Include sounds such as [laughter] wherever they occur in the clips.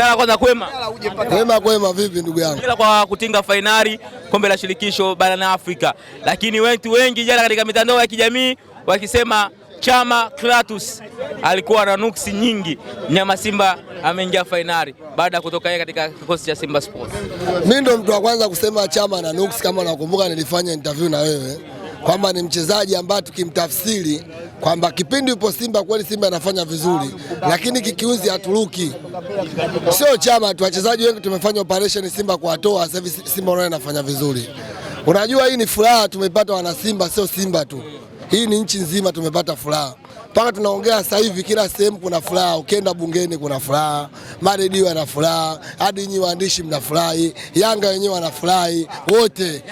Mandala kwanza kwema. Kwema kwema vipi ndugu yangu? kwa kutinga fainali kombe la shirikisho barani Afrika. Lakini wetu wengi jana katika mitandao ya kijamii wakisema Chama Kratos alikuwa na nuksi nyingi, mnyama Simba ameingia fainali baada ya kutoka yeye katika kikosi cha Simba Sports. Mimi ndo mtu wa kwanza kusema Chama na nuksi, kama nakumbuka nilifanya interview na wewe kwamba ni mchezaji ambaye tukimtafsiri kwamba kipindi upo Simba kweli Simba anafanya vizuri, lakini kikiuzi haturuki. Sio chama tu, wachezaji wengi tumefanya operation Simba kuwatoa. Sasa hivi Simba unaona inafanya vizuri. Unajua hii ni furaha tumepata wana Simba, sio Simba tu, hii ni nchi nzima tumepata furaha mpaka tunaongea sasa hivi, kila sehemu kuna furaha. Ukienda bungeni kuna furaha, maredio yana furaha, hadi nyi waandishi mnafurahi, Yanga wenyewe wanafurahi, wote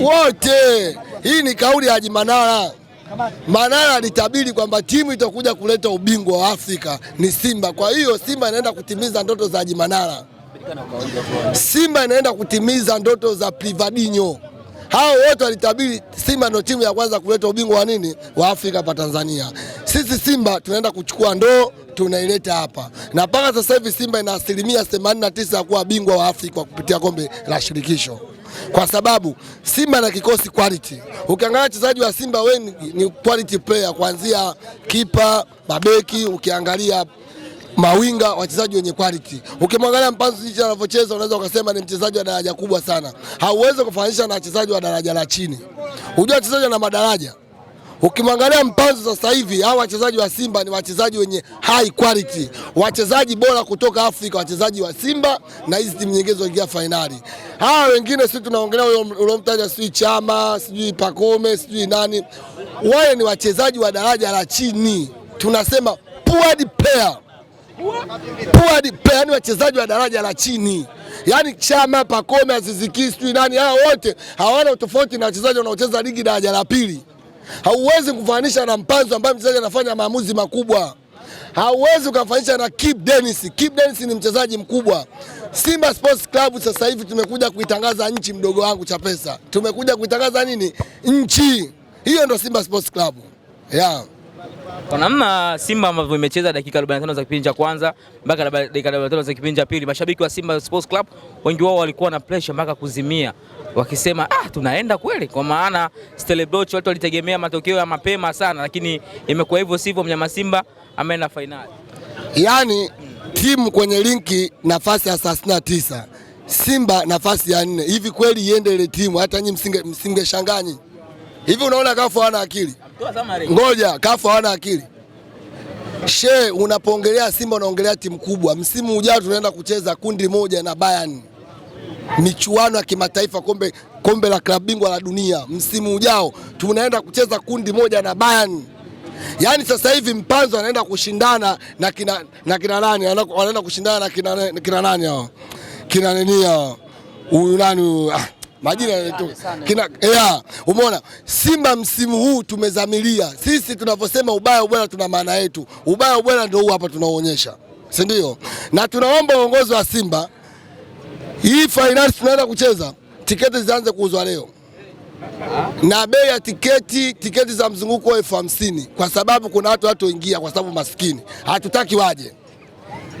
wote. Hii ni kauli ya Haji Manara. Manara alitabiri kwamba timu itakuja kuleta ubingwa wa Afrika ni Simba. Kwa hiyo Simba inaenda kutimiza ndoto za Haji Manara, Simba inaenda kutimiza ndoto za Privadinho. Hao wote walitabiri Simba ndio timu ya kwanza kuleta ubingwa wa nini wa Afrika hapa Tanzania. Sisi Simba tunaenda kuchukua ndoo tunaileta hapa, na mpaka sasa hivi Simba ina asilimia 89 ya kuwa bingwa wa Afrika kupitia kombe la shirikisho kwa sababu Simba na kikosi quality. Ukiangalia wachezaji wa Simba wengi ni quality player, kuanzia kipa, mabeki, ukiangalia mawinga wachezaji wenye quality. Ukimwangalia Mpanzu jinsi anavyocheza unaweza ukasema ni mchezaji wa daraja kubwa sana, hauwezi kufananisha na wachezaji wa daraja la chini. Unajua wachezaji na madaraja Ukimwangalia mpanzo sasa hivi, hawa wachezaji wa Simba ni wachezaji wenye high quality, wachezaji bora kutoka Afrika, wachezaji wa Simba na hizi timu nyingine zoingia fainali. Hawa wengine sisi tunaongelea uliomtaja, sijui Chama, sijui Pakome, sijui nani, wale ni wachezaji wa daraja la chini, tunasema poor player, poor player, ni wachezaji wa daraja la chini Yaani Chama, Pakome, Aziziki, sijui nani, hawa wote hawana utofauti na wachezaji wanaocheza ligi daraja la pili. Hauwezi kufananisha na Mpanzu ambaye mchezaji anafanya maamuzi makubwa. Hauwezi ukafananisha na Kip Dennis. Kip Dennis ni mchezaji mkubwa. Simba Sports Club sasa hivi tumekuja kuitangaza nchi, mdogo wangu Chapesa, tumekuja kuitangaza nini nchi hiyo, ndo Simba Sports Club yeah. Kwa namna Simba ambavyo imecheza dakika 45 za kipindi cha kwanza mpaka dakika 45 za kipindi cha pili, mashabiki wa Simba Sports Club wengi wao walikuwa na pressure mpaka kuzimia, wakisema ah, tunaenda kweli, kwa maana Stellenbosch watu walitegemea matokeo ya mapema sana, lakini imekuwa hivyo sivyo, mnyama Simba ameenda fainali. Yaani timu kwenye linki nafasi ya 39 Simba nafasi ya nne. Hivi kweli iende ile timu? Hata nyinyi msingeshanganyi hivi. Unaona kafu ana akili Ngoja, kafu hawana akili. She, unapoongelea Simba unaongelea timu kubwa. Msimu ujao tunaenda kucheza kundi moja na Bayern, michuano ya kimataifa, kombe kombe la klabu bingwa la dunia. Msimu ujao tunaenda kucheza kundi moja na Bayern. Yaani sasa hivi Mpanzo anaenda kushindana na kina na kina nani? Anaenda kushindana na kina kina nani hao? Kina nani hao? Huyu nani? Ah majina yanatoka kina yeah. Umeona Simba msimu huu tumezamilia sisi, tunavyosema ubaya ubwana, tuna maana yetu. Ubaya ubwana ndio huu hapa tunaoonyesha, si ndio? Na tunaomba uongozi wa Simba, hii fainali tunaenda kucheza, tiketi zianze kuuzwa leo na bei ya tiketi tiketi za mzunguko elfu hamsini kwa sababu kuna watu watoingia kwa sababu maskini hatutaki waje.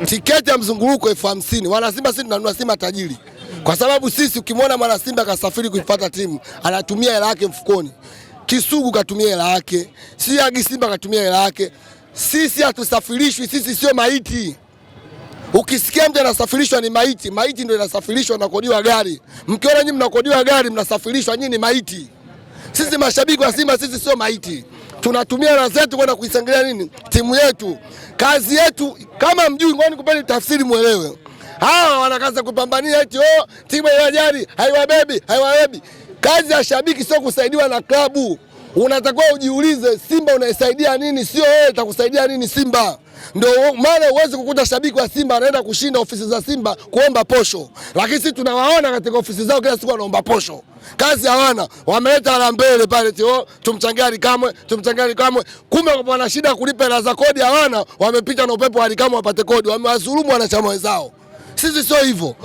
Tiketi ya mzunguko elfu hamsini wanasimba, sisi tunanunua Simba tajiri kwa sababu sisi, ukimwona mwana Simba kasafiri kuifuata timu anatumia hela yake mfukoni. Kisugu katumia hela yake, si agi Simba katumia hela yake. Sisi hatusafirishwi, sisi sio maiti. Ukisikia mtu anasafirishwa ni maiti. Maiti ndio inasafirishwa na kodiwa gari. Mkiona nyinyi mnakodiwa gari, mnasafirishwa nyinyi, ni maiti. Sisi mashabiki wa Simba sisi sio maiti, tunatumia hela zetu kwenda kuisengelea nini timu yetu. Kazi yetu kama mjui, ngoani kupeni tafsiri mwelewe hawa wanakaza kupambania eti oh, timu ya jadi haiwabebi haiwabebi. Kazi ya shabiki sio kusaidiwa na klabu. Unatakiwa ujiulize Simba unaisaidia nini, sio wewe utakusaidia nini Simba. Ndio maana huwezi kukuta shabiki wa Simba anaenda kushinda ofisi za Simba kuomba posho, lakini sisi tunawaona katika ofisi zao kila siku wanaomba posho, kazi hawana. Wameleta hela mbele pale tio, oh, tumchangia Alikamwe, tumchangia Alikamwe, kumbe wana shida kulipa hela za kodi hawana. Wamepita na upepo wa Ally wapate kodi, wamewadhulumu wanachama wenzao. Sisi sio hivyo.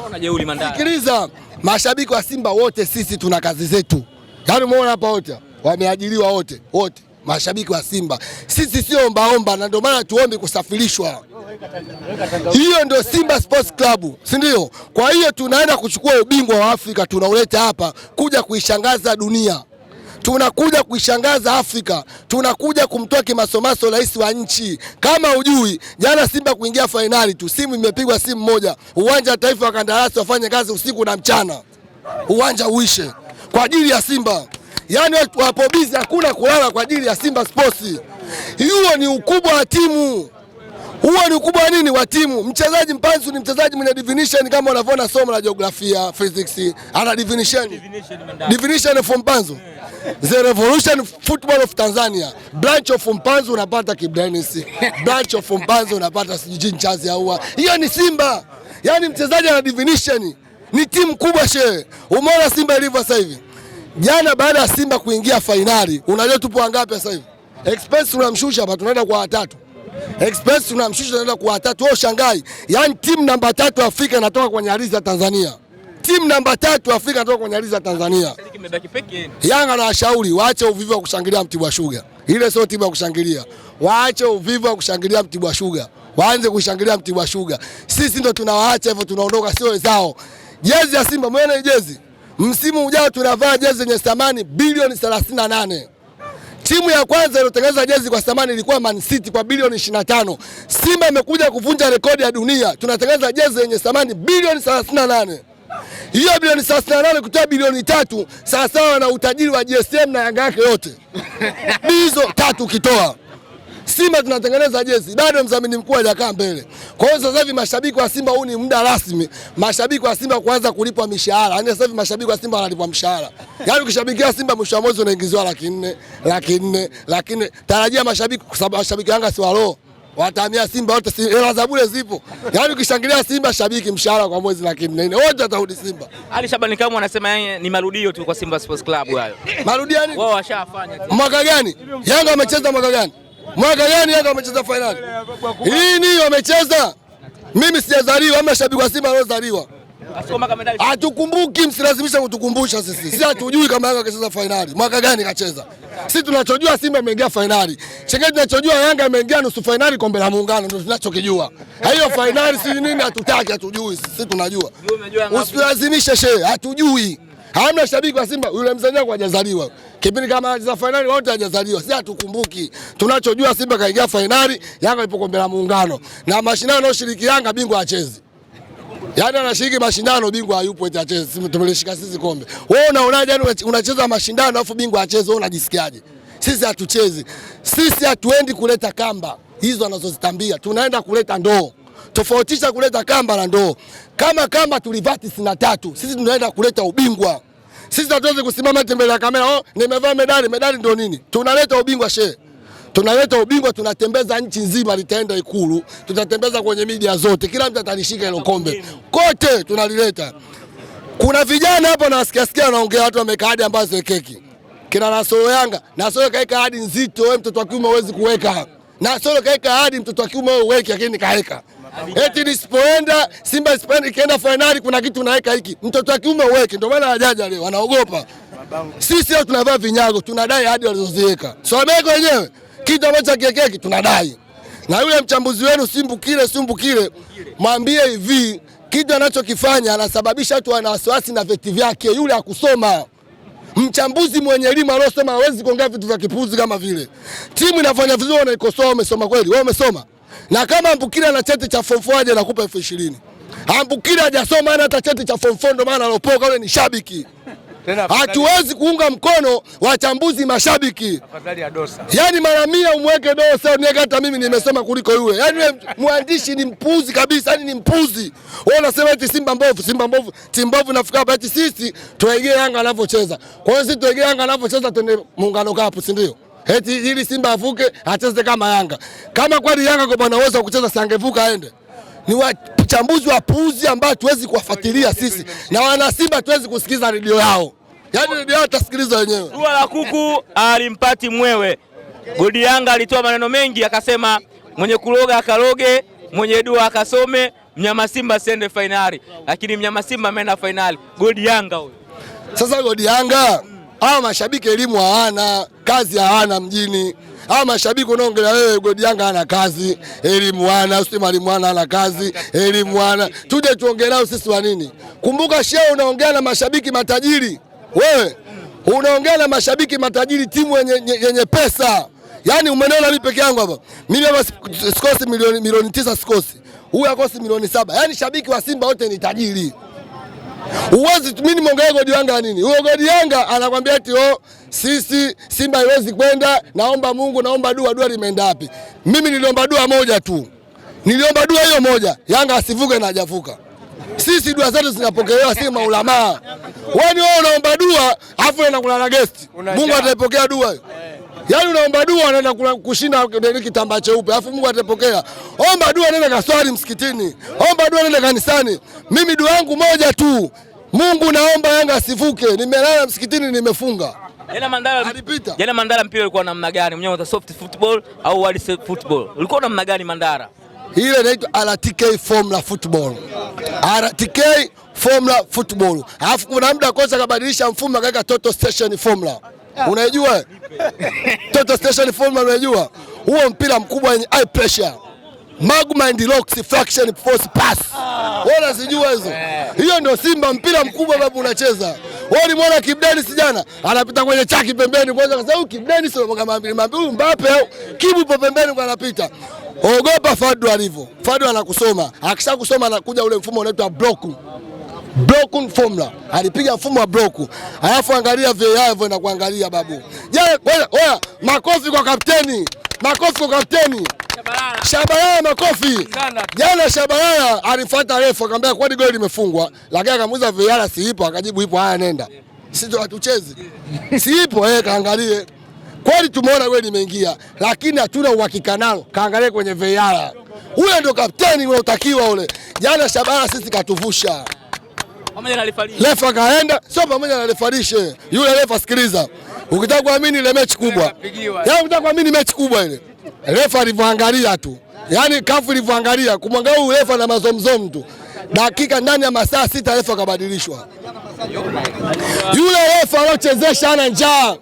Sikiliza, mashabiki wa Simba wote sisi tuna kazi zetu, yaani umeona hapa wote wameajiriwa wote wote mashabiki wa Simba sisi sio ombaomba, na ndio maana tuombe kusafirishwa. Hiyo ndio Simba Sports Club, si ndio? Kwa hiyo tunaenda kuchukua ubingwa wa Afrika tunauleta hapa kuja kuishangaza dunia tunakuja kuishangaza Afrika, tunakuja kumtoa kimasomaso rais wa nchi. Kama ujui, jana Simba kuingia fainali tu, simu imepigwa, simu moja, uwanja wa taifa wa kandarasi wafanye kazi usiku na mchana, uwanja uishe kwa ajili ya Simba. Yani wapo bizi, hakuna kulala kwa ajili ya Simba Sports. Hiyo ni ukubwa wa timu. Huo ni ukubwa nini wa timu. Mchezaji Mpanzu ni mchezaji mwenye definition, kama wanavyoona somo la jiografia physics, ana definition definition for Mpanzu the revolution football of Tanzania branch of Mpanzu unapata kibrenisi branch of Mpanzu unapata sijui chazi aua. Hiyo ni Simba, yani mchezaji ana definition, ni timu kubwa shehe. Umeona Simba ilivyo sasa hivi, jana baada ya Simba kuingia fainali, unajua tupo wangapi sasa hivi? Express tunamshusha hapa, tunaenda kwa watatu Express tunamshusha tunaenda kwa tatu. Wao shangai, yaani timu namba tatu Afrika inatoka kwenye ardhi ya Tanzania. Timu namba tatu Afrika inatoka kwenye ardhi ya Tanzania. Yanga na washauri waache uvivu wa kushangilia Mtibwa Sugar. Ile sio timu ya kushangilia, waache uvivu wa kushangilia Mtibwa Sugar, waanze kushangilia Mtibwa Sugar. Sisi ndo tunawaacha hivyo, tunaondoka, sio wenzao. Jezi ya Simba, mwenye jezi msimu ujao tunavaa jezi yenye thamani bilioni 38. Timu ya kwanza iliyotengeneza jezi kwa thamani ilikuwa Man City kwa bilioni 25. Simba imekuja kuvunja rekodi ya dunia, tunatengeneza jezi yenye thamani bilioni 38. Hiyo bilioni 38 kutoa bilioni tatu sawasawa na utajiri wa GSM na Yanga yake yote, hizo tatu ukitoa Simba tunatengeneza jezi, bado mzamini mkuu hajakaa mbele. Kwa hiyo sasa hivi mashabiki wa Simba, huu ni muda rasmi mashabiki wa Simba kuanza kulipwa mishahara. Yaani sasa hivi mashabiki wa Simba wanalipwa mshahara, yaani ukishabikia Simba mwisho wa mwezi unaingiziwa laki nne, laki nne, laki nne. Tarajia mashabiki, kwa sababu mashabiki Yanga si waloo watamia Simba wote, hela za bure zipo. Yaani ukishangilia Simba shabiki, mshahara kwa mwezi laki nne wote atarudi Simba. Ali Shabani kama anasema yeye ni marudio tu kwa Simba Sports Club hayo. Marudio yani? Wao washafanya. Mwaka gani? Yanga amecheza mwaka gani? Mwaka gani Yanga wamecheza fainali? ni wamecheza? Mimi sijazaliwa ama shabiki wa Simba aliozaliwa. Hatukumbuki, msilazimisha kutukumbusha sisi. Sisi hatujui kama Yanga kacheza fainali. Mwaka gani kacheza? Sisi tunachojua Simba imeingia fainali. Chengine tunachojua Yanga imeingia nusu fainali kombe la muungano ndio tunachokijua. Hiyo fainali si nini hatutaki, hatujui. Sisi tunajua. Usilazimishe shehe, hatujui. Hamna shabiki wa Simba, yule mzee hajazaliwa. Kipindi kama za finali wote hajazaliwa. Sisi hatukumbuki. Tunachojua Simba kaingia finali, Yanga ipo kombe la muungano. Na mashindano yanayoshiriki Yanga bingwa hachezi. Yaani anashiriki mashindano bingwa hayupo eti acheze. Tumelishika sisi kombe. Wewe unaonaje yani unacheza mashindano alafu bingwa acheze, wewe unajisikiaje? Sisi hatuchezi. Sisi hatuendi kuleta kamba. Hizo anazozitambia. Tunaenda kuleta ndoo tofautisha kuleta kamba la ndoo. Kama kamba tulivaa tisini na tatu, sisi tunaenda kuleta ubingwa. Sisi hatuwezi kusimama mbele ya kamera, oh, nimevaa medali. Medali ndio nini? Tunaleta ubingwa shehe tunaleta ubingwa, tunatembeza nchi nzima, litaenda Ikulu, tutatembeza kwenye media zote, kila mtu atalishika hilo kombe kote, tunalileta. Kuna vijana hapo nawasikia sikia, wanaongea watu wameka hadi ambazo ekeki kina Nasoro Yanga, Nasoro kaeka hadi nzito, wewe mtoto wa kiume huwezi kuweka. Nasoro kaeka hadi mtoto wa kiume wewe uweke, lakini kaeka eti nisipoenda Simba isipoenda ikienda fainali, kuna kitu unaweka hiki, mtoto wa kiume uweke. Ndio maana wajaja leo wanaogopa. Sisi leo tunavaa vinyago, tunadai hadi walizoziweka someko wenyewe, kitu ambacho akiekeki tunadai. Na yule mchambuzi wenu kile Simbukile, kile, mwambie hivi kitu anachokifanya anasababisha watu wana wasiwasi na veti vyake. Yule akusoma mchambuzi mwenye elimu aliosoma hawezi kuongea vitu vya kipuzi kama vile. Timu inafanya vizuri, wanaikosoa. Umesoma kweli wewe? Umesoma na kama Ambukira ana cheti cha form 4 aje nakupa elfu ishirini. Ambukira hajasoma hata cheti cha form 4 ndo maana alopoka yule ni shabiki. hatuwezi kuunga mkono wachambuzi mashabiki. Afadhali ya Dosa. Yaani mara mia umweke Dosa, niweke hata mimi nimesema kuliko yule. Yaani mwandishi ni mpuzi kabisa, yaani ni mpuzi. Wewe unasema eti Simba mbovu, Simba mbovu, Simba mbovu nafika hapa eti sisi tuegee Yanga anavyocheza. Kwa hiyo sisi tuegee Yanga anavyocheza tuende muungano kapu, si ndio? Eti ili Simba avuke acheze kama Yanga. Kama kweli Yanga kwa bwana uwezo kucheza sangevuka aende. Ni wachambuzi puzi ambao tuwezi kuwafuatilia sisi na wana Simba tuwezi kusikiliza redio yao. Yaani redio yao tasikiliza wenyewe. Dua la kuku alimpati mwewe. Godi Yanga alitoa maneno mengi akasema mwenye kuroga akaroge mwenye dua akasome, mnyama Simba siende fainali. Lakini mnyama Simba ameenda fainali. Godi Yanga huyo. Sasa Godi Yanga hawa mashabiki elimu hawana, kazi hawana mjini. Hawa mashabiki unaongelea wewe, Godi Yanga ana kazi, elimu hana, sio mwalimu hana, ana kazi, elimu hana. Tuje tuongelee sisi wa nini? Kumbuka shehe, unaongea na mashabiki matajiri, wewe unaongea na mashabiki matajiri, timu yenye pesa. Yaani umeniona mimi peke yangu hapa, mimi hapa sikosi milioni, milioni tisa sikosi, huyu akosi milioni saba. Yaani shabiki wa Simba wote ni tajiri. Uwezi mimi nimeongelea godi Yanga nini? Huyo godi Yanga anakwambia ati oh, sisi Simba haiwezi kwenda, naomba Mungu, naomba dua. Dua limeenda wapi? Mimi niliomba dua moja tu, niliomba dua hiyo moja, Yanga asivuke na hajavuka. Sisi dua zetu zinapokelewa, si maulamaa. Wewe ni yaani wewe unaomba dua afu unakula na guest, Mungu ataipokea dua hiyo? Yaani unaomba dua unaenda kushinda kitambaa cheupe, alafu Mungu atapokea. Omba dua, nenda kaswali msikitini, omba dua, nenda kanisani. Mimi dua yangu moja tu, Mungu naomba Yanga asivuke. Nimelala msikitini, nimefunga. Jana Mandala alipita. Jana Mandala mpira ulikuwa namna gani? Mwenyewe wa soft football au hard football? Ulikuwa namna gani Mandala? Ile inaitwa RTK formula football. RTK formula football. Alafu kuna muda kosa kabadilisha mfumo akaweka total station formula. Unaijua Total Station formula unaijua? Huo mpira mkubwa wenye high pressure. magma and locks fraction force pass. Ah. Wewe unazijua hizo? Hiyo ndio Simba mpira mkubwa babu unacheza. Wewe ulimwona Kibu Denis jana? Anapita kwenye chaki pembeni kwanza kwa sababu Kibu Denis sio kama mambili mambili Mbappe au Kibu po pembeni kwa anapita. Ogopa Fadu alivyo. Fadu anakusoma. Akishakusoma anakuja ule mfumo unaitwa block broken formula, alipiga mfumo wa bloku, alafu angalia VAR hivyo na kuangalia babu. Jana oya, makofi kwa kapteni, makofi kwa kapteni Shabalala, makofi. Jana Shabalala alifuata refu akamwambia kwani goli limefungwa, lakini akamuuliza VAR si ipo, akajibu ipo, haya nenda. Sisi hatuchezi. [laughs] Si ipo eh, kaangalie. Kweli tumeona goli limeingia, lakini hatuna uhakika nalo. Kaangalie kwenye VAR. Huyo ndio kapteni unaotakiwa ule. Jana Shabara sisi katuvusha. Refa akaenda, sio pamoja na refarishe yule refa. Sikiliza, ukitaka kuamini ile mechi kubwa, yaani ukitaka kuamini mechi kubwa ile, refa alivyoangalia tu, yaani kafu ilivyoangalia kumwangalia huyu refa na mazomzom tu, dakika ndani ya masaa sita refa akabadilishwa. Yule refa aliochezesha ana njaa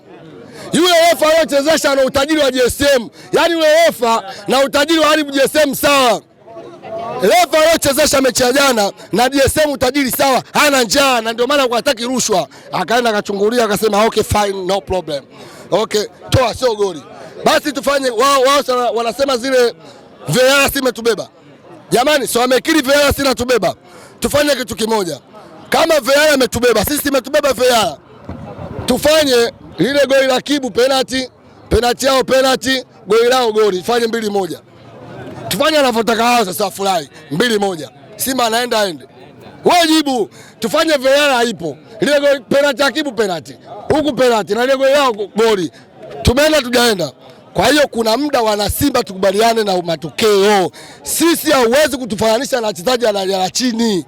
yule refa aliochezesha na utajiri wa JSM. yaani yule refa na utajiri wa Aribu JSM sawa Leva aliochezesha mechi ya jana na DSM utajiri sawa, hana njaa na ndio maana hataki rushwa. Akaenda akachungulia akasema okay fine no problem. Okay, toa sio goli. Basi tufanye wao wao wanasema zile VAR simetubeba. Jamani, so amekiri VAR si natubeba. Tufanye kitu kimoja. Kama VAR ametubeba, sisi simetubeba VAR. Tufanye lile goli la Kibu penalty, penalty yao penalty, goli lao goli, fanye mbili moja tufanye wanavyotaka wao, sasa wafurahi mbili moja, Simba anaenda ende wewe jibu, tufanye VAR haipo, ile goli penalti akibu penalti huku penalti na ile goli yao goli, tumeenda tujaenda. Kwa hiyo kuna muda wana Simba tukubaliane na matokeo. Sisi hauwezi kutufananisha na wachezaji wa daraja la chini,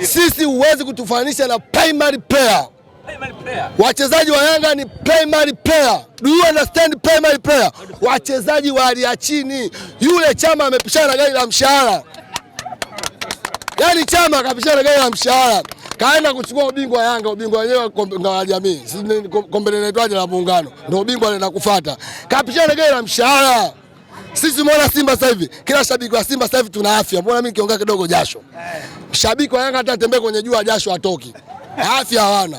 sisi huwezi kutufananisha na primary player. Wachezaji wa Yanga ni primary player. Do you understand primary player? Wachezaji wa hali ya chini. Yule Chama amepishana na gari la mshahara, yaani Chama akapishana na gari la mshahara, kaenda kuchukua ubingwa wa Yanga, ubingwa wenyewe wa jamii, si kombe linaitwaje la Muungano, ndio ubingwa anaenda kufuata, kapishana na gari la mshahara. Sisi umeona Simba sasa hivi, kila shabiki wa Simba sasa hivi tuna afya. Mbona mimi nikiongea kidogo jasho? Shabiki wa Yanga hata atembee kwenye jua jasho atoki, afya hawana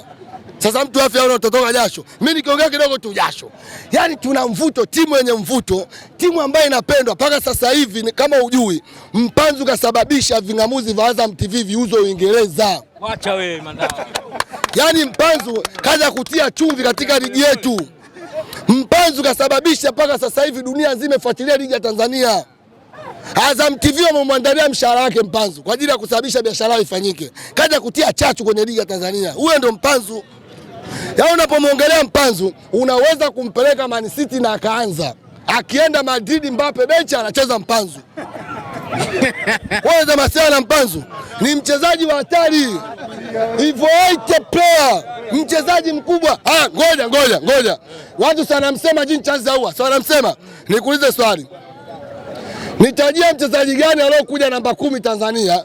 sasa mtu afya yao utotoka jasho. Mimi nikiongea kidogo tu jasho. Yaani tuna mvuto, timu yenye mvuto, timu ambayo inapendwa mpaka sasa hivi kama ujui, Mpanzu kasababisha ving'amuzi vya Azam TV viuzwe Uingereza. Wacha wewe mandao. Yaani Mpanzu kaja kutia chumvi katika ligi yetu. Mpanzu kasababisha mpaka sasa hivi dunia nzima ifuatilia ligi ya Tanzania. Azam TV wamemwandalia mshahara wake Mpanzu kwa ajili ya kusababisha biashara ifanyike. Kaja kutia chachu kwenye ligi ya Tanzania. Huyo ndo Mpanzu. Yaani unapomwongelea Mpanzu unaweza kumpeleka Man City na akaanza. Akienda Madrid Mbappe becha anacheza Mpanzu. Kwanza [laughs] masiala Mpanzu ni mchezaji wa hatari. Hivyo aite player, mchezaji mkubwa. Ah, ngoja ngoja ngoja. Watu sana msema jini chanzi za huwa. Sana wanamsema. Nikuulize swali. Nitajia mchezaji gani aliyokuja namba kumi Tanzania?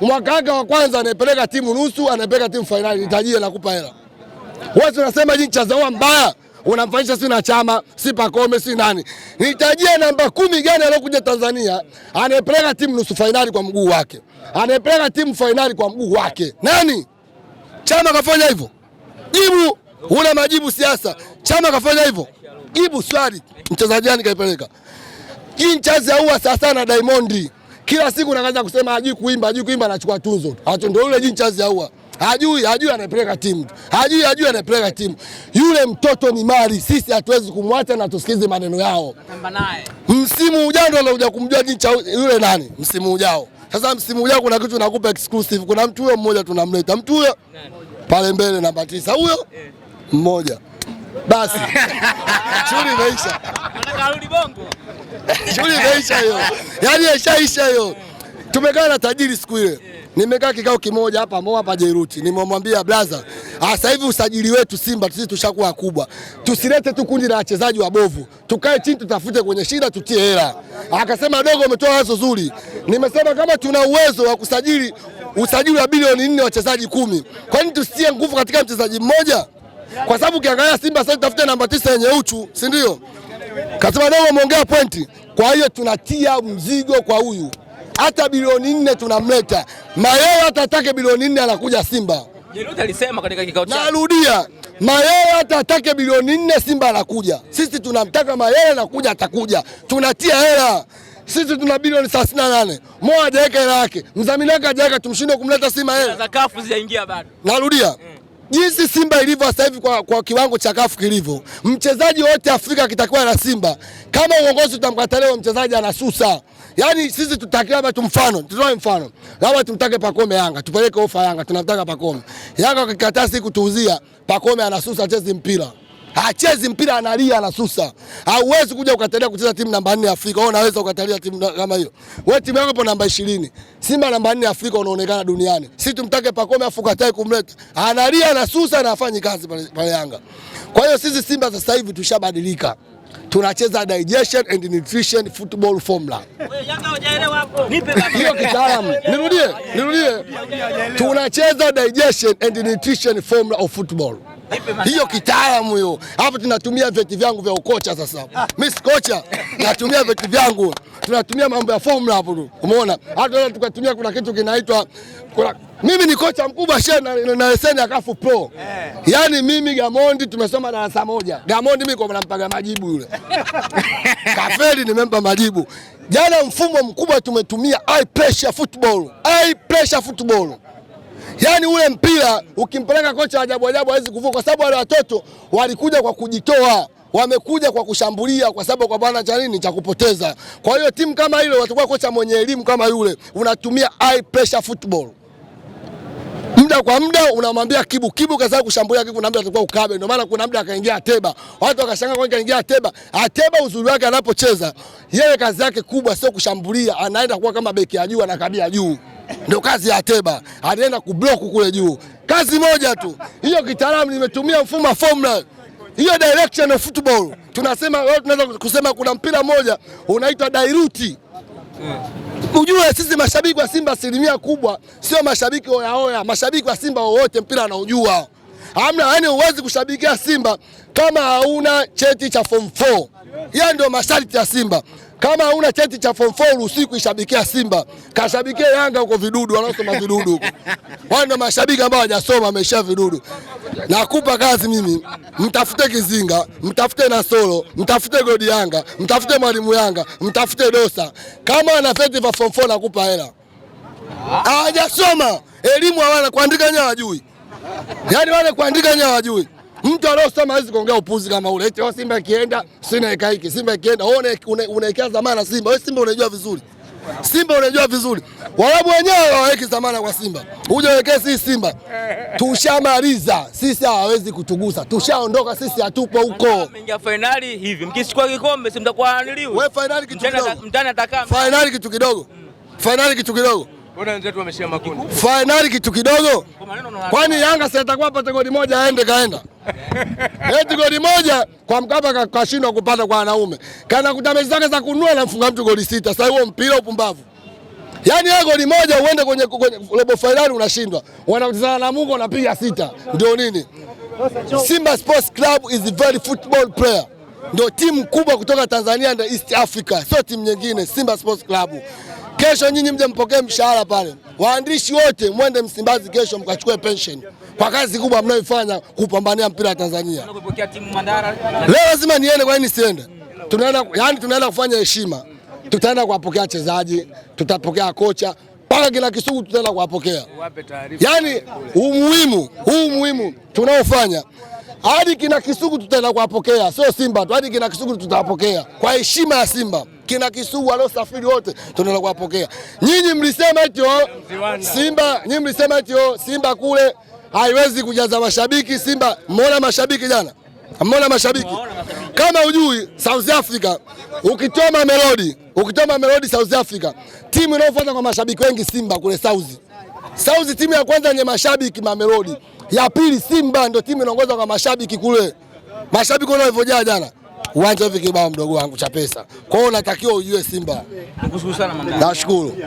Mwaka wake wa kwanza anapeleka timu nusu, anapeleka timu fainali. Nitajie nakupa hela. Wewe unasema jinsi cha chazaua mbaya unamfanyisha si na Chama si Pakome si nani. Nitajia namba kumi gani aliyokuja Tanzania anayepeleka timu nusu fainali kwa mguu wake, anayepeleka timu fainali kwa mguu wake nani? Chama kafanya hivyo? Jibu. ule majibu siasa. Chama kafanya hivyo? Jibu swali, mchezaji gani kaipeleka? Jinsi cha Jinchazaua sasa na Diamond kila siku nakaanza kusema ajui kuimba, ajui kuimba, anachukua tuzo. Hacho ndio yule jinsi cha Jinchazaua hajui, hajui anapeleka timu, hajui, hajui anapeleka timu. Yule mtoto ni mali, sisi hatuwezi kumwacha na tusikize maneno yao. Msimu ujao ndio anakuja kumjua jicha yule nani, msimu ujao. Sasa msimu ujao kuna kitu nakupa exclusive, kuna mtu huyo mmoja tunamleta mtu huyo pale mbele, namba tisa huyo mmoja basi [laughs] shughuli imeisha, shughuli imeisha hiyo, yaani ishaisha hiyo. Tumekaa na tajiri siku ile, nimekaa kikao kimoja hapa Moa hapa Jeruti, nimemwambia blaza, ah, sasa hivi usajili wetu Simba sisi tushakuwa kubwa, tusilete tu kundi la wachezaji wabovu, tukae chini tutafute kwenye shida tutie hela. Akasema dogo, umetoa wazo zuri. Nimesema kama tuna uwezo wa kusajili usajili wa bilioni nne wachezaji kumi, kwa nini tusitie nguvu katika mchezaji mmoja? Kwa sababu ukiangalia Simba sasa tutafute namba tisa yenye uchu, si ndio? Kasema dogo, umeongea pointi. Kwa hiyo tunatia mzigo kwa huyu hata bilioni nne tunamleta Mayoyo, hata atake bilioni nne anakuja Simba. Jeruti alisema katika kikao chake. Narudia, Mayoyo hata atake bilioni nne Simba anakuja. Sisi tunamtaka Mayoyo anakuja, atakuja, tunatia hela sisi tuna bilioni na nane Mo hajaweka hela yake, mdhamini wake hajaweka, tumshinde kumleta Simba hela za kafu zijaingia bado. Narudia mm. Jinsi Simba ilivyo sasa hivi kwa, kwa kiwango cha kafu kilivyo, mchezaji wote Afrika akitakiwa na Simba, kama uongozi utamkata leo mchezaji anasusa Yaani sisi tutaki labda tumfano, tutoe mfano. Labda tumtake Pakome Yanga, tupeleke ofa Yanga, tunataka Pakome. Yanga akikataa siku tuuzia, Pakome anasusa chezi mpira. Hachezi mpira analia anasusa. Hauwezi kuja ukatalia kucheza timu namba 4 Afrika. Wewe unaweza ukatalia timu kama hiyo. Wewe timu yako ipo namba 20. Simba namba 4 Afrika unaonekana duniani. Sisi tumtake Pakome afu katae kumleta. Analia anasusa na afanyi kazi pale Yanga. Kwa hiyo sisi Simba sasa hivi tushabadilika tunacheza digestion and nutrition football formula hiyo kitaalamu. Nirudie, nirudie, tunacheza digestion and nutrition formula of football hiyo kitaalamu hiyo. Hapo tunatumia vyeti vyangu vya ukocha. Sasa mimi si kocha, natumia vyeti vyangu, tunatumia mambo ya formula hapo tu, umeona. Hata tukatumia kuna kitu kinaitwa kuna... mimi ni kocha mkubwa she na leseni ya kafu pro, eh. yaani mimi Gamondi tumesoma darasa moja. Gamondi mimi kwa nampaga majibu yule [laughs] kafeli, nimempa majibu jana. Mfumo mkubwa tumetumia high pressure football, high pressure football Yaani ule mpira ukimpeleka kocha ajabu ajabu hawezi kuvua, kwa sababu wale watoto walikuja kwa kujitoa wamekuja kwa kushambulia kwa sababu kwa bwana cha nini cha kupoteza. Kwa hiyo timu kama ile watakuwa kocha mwenye elimu kama yule, unatumia high pressure football muda kwa muda, unamwambia kibu kibu, kaza kushambulia kibu, naambia atakuwa ukabe. Ndio maana kuna muda akaingia Ateba, watu wakashangaa kwa nini kaingia Ateba. Ateba uzuri wake anapocheza yeye, kazi yake kubwa sio kushambulia, anaenda kuwa kama beki ya juu, anakabia juu ndio kazi ya Ateba, anaenda kubloku kule juu, kazi moja tu hiyo. Kitaalamu nimetumia mfumo wa formula hiyo, direction of football tunasema. wewe, tunaweza kusema kuna mpira mmoja unaitwa dairuti. Ujue sisi mashabiki wa Simba asilimia kubwa sio mashabiki hoyahoya. Mashabiki wa Simba wowote mpira anaujua, hamna. Yani huwezi kushabikia Simba kama hauna cheti cha form 4. Hiyo ndio masharti ya Simba. Kama hauna cheti cha form 4 uruhusiwi kuishabikia Simba. Kashabikia Yanga huko vidudu, wanaosoma vidudu huko. Wao ndio mashabiki ambao hawajasoma wameisha vidudu. Nakupa kazi mimi, mtafute Kizinga, mtafute Nasolo, mtafute Godi Yanga, mtafute Mwalimu Yanga, mtafute Dosa. Kama ana cheti cha form 4 nakupa hela. Hawajasoma, elimu hawana, kuandika nyawa hajui. Yaani wale kuandika nyawa hawajui. Mtu anaosema hawezi kuongea upuzi kama ule. Eti oh, Simba ikienda, sina eka hiki. Simba ikienda, wewe unaekea dhamana Simba. Wewe Simba unajua vizuri. Simba unajua vizuri. Waarabu wenyewe hawaweki dhamana kwa Simba. Hujawekea sisi Simba. Tushamaliza. Sisi hawawezi kutugusa. Tushaondoka sisi hatupo huko. Mmeingia finali hivi. Mkichukua kikombe si mtakuwa Wewe finali kitu kidogo. fainali atakaa. Finali kitu kidogo. Finali kitu kidogo. Mbona wenzetu wameshia makundi? Finali kitu kidogo. Kwani Yanga si atakuwa apate goli moja aende kaenda. [laughs] Eti goli moja kwa Mkapa kashindwa kupata kwa wanaume. Kana kutamezi zake za kunua na mfunga mtu goli sita. Sasa huo mpira upumbavu. Yaani wewe goli moja uende kwenye, kwenye robo finali unashindwa. Wanakutana na Mungu wanapiga sita. Ndio nini? Simba Sports Club is a very football player. Ndio timu kubwa kutoka Tanzania and East Africa. Sio timu nyingine Simba Sports Club. Kesho nyinyi mje mpokee mshahara pale. Waandishi wote mwende Msimbazi kesho mkachukue pension kwa kazi kubwa mnayoifanya kupambania mpira wa Tanzania. Leo lazima niende, kwa nini nisiende? Tunaenda, yani tunaenda kufanya heshima. Tutaenda kuwapokea wachezaji, tutapokea kocha mpaka kila Kisugu tutaenda kuwapokea. Yani umuhimu huu muhimu tunaofanya hadi kina Kisugu tutaenda kuwapokea, sio Simba tu, hadi kina Kisugu tutawapokea kwa heshima ya Simba. Kina Kisugu aliosafiri wote tunaenda kuwapokea. Nyinyi mlisema eti Simba, nyinyi mlisema eti Simba kule haiwezi kujaza mashabiki Simba. Mbona mashabiki jana, mbona mashabiki kama ujui South Africa, ukitoma Melodi, ukitoma Melodi South Africa, timu inayofuata kwa mashabiki wengi Simba kule South. South timu ya kwanza yenye mashabiki Mamelodi. Ya pili Simba ndio timu inaongozwa kwa mashabiki kule. Mashabiki wao walivyojaa jana. Uwanja hivi kibao mdogo wangu cha pesa. Kwa hiyo unatakiwa ujue Simba. Nakushukuru sana mwanangu. Nashukuru.